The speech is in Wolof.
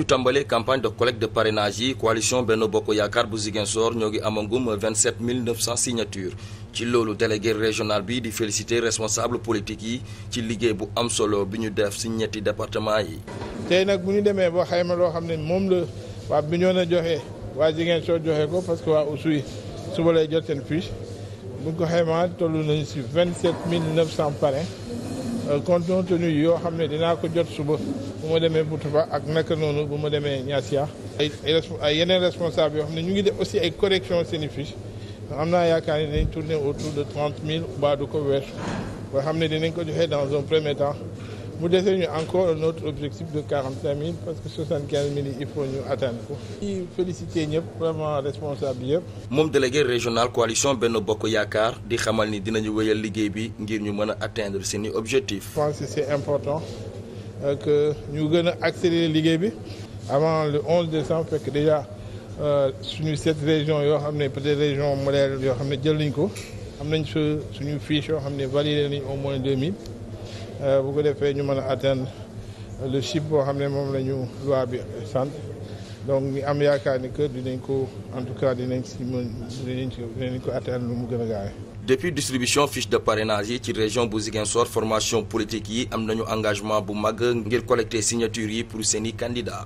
ñu tàmbalee de collecte de parrainage yi coalition Benno Bokk Yaakaar bu Ziguinchor ñoo ngi amagum 27 900 signatures ci loolu délégué régional bi di féliciter responsable politique yi ci liggéey bu am solo bi ñu def si ñetti département yi. tey nag bu ñu demee ba xayma loo xam ne moom la waa Bignona joxe waa Ziguinchor joxe ko parce que waa Oussouye suba lay jot seen fiche bu ñu ko xaymaa toll nañu si 27 900 parrains euh, compte tenu yoo xam ne dinaa ko jot bu ma demee Boutouba ak naka noonu bu ma demee Niassia. ay ay yeneen responsable yoo xam ne ñu ngi def aussi ay correction seen i fiche am naa yaakaar ne dinañ tourner autour de trente mille ba du ko weer boo xam ne dinañ ko joxee dans un premier temps mu desee ñu encore notre objectif de quarante cinq mille parce que soixante quinze mille yi il faut ñu atteindre ko. féliciter ñëpp vraiment responsable yëpp. moom délégué régional coalition Benno Bokk Yaakaar di xamal ni dinañu wéyal liggéey bi ngir ñu mën a atteindre seeni objectif. je pense important. que euh, ñu gën a accélérer liggéey bi avant le 11 décembre fekk déjà euh, suñu set région yoo xam ne peut-être région modèle yoo xam ne jël nañ ko am nañ su suñu fiche yoo xam ne validé nañ au moins 2000 euh, bu ko defee ñu mën a atteindre le chiffre boo xam ne moom la ñu loi bi sant donc ñu am yaakaar ni que dinañ ko en tout cas dinañ si mën dinañ ko dinañ ko atteindre lu mu gën a gaawee. depuis distribution fiche de parrainage ci région bu Ziguinchor formation politique yi am nañu engagement bu mag ngir collecter signature yi pour seeni candidat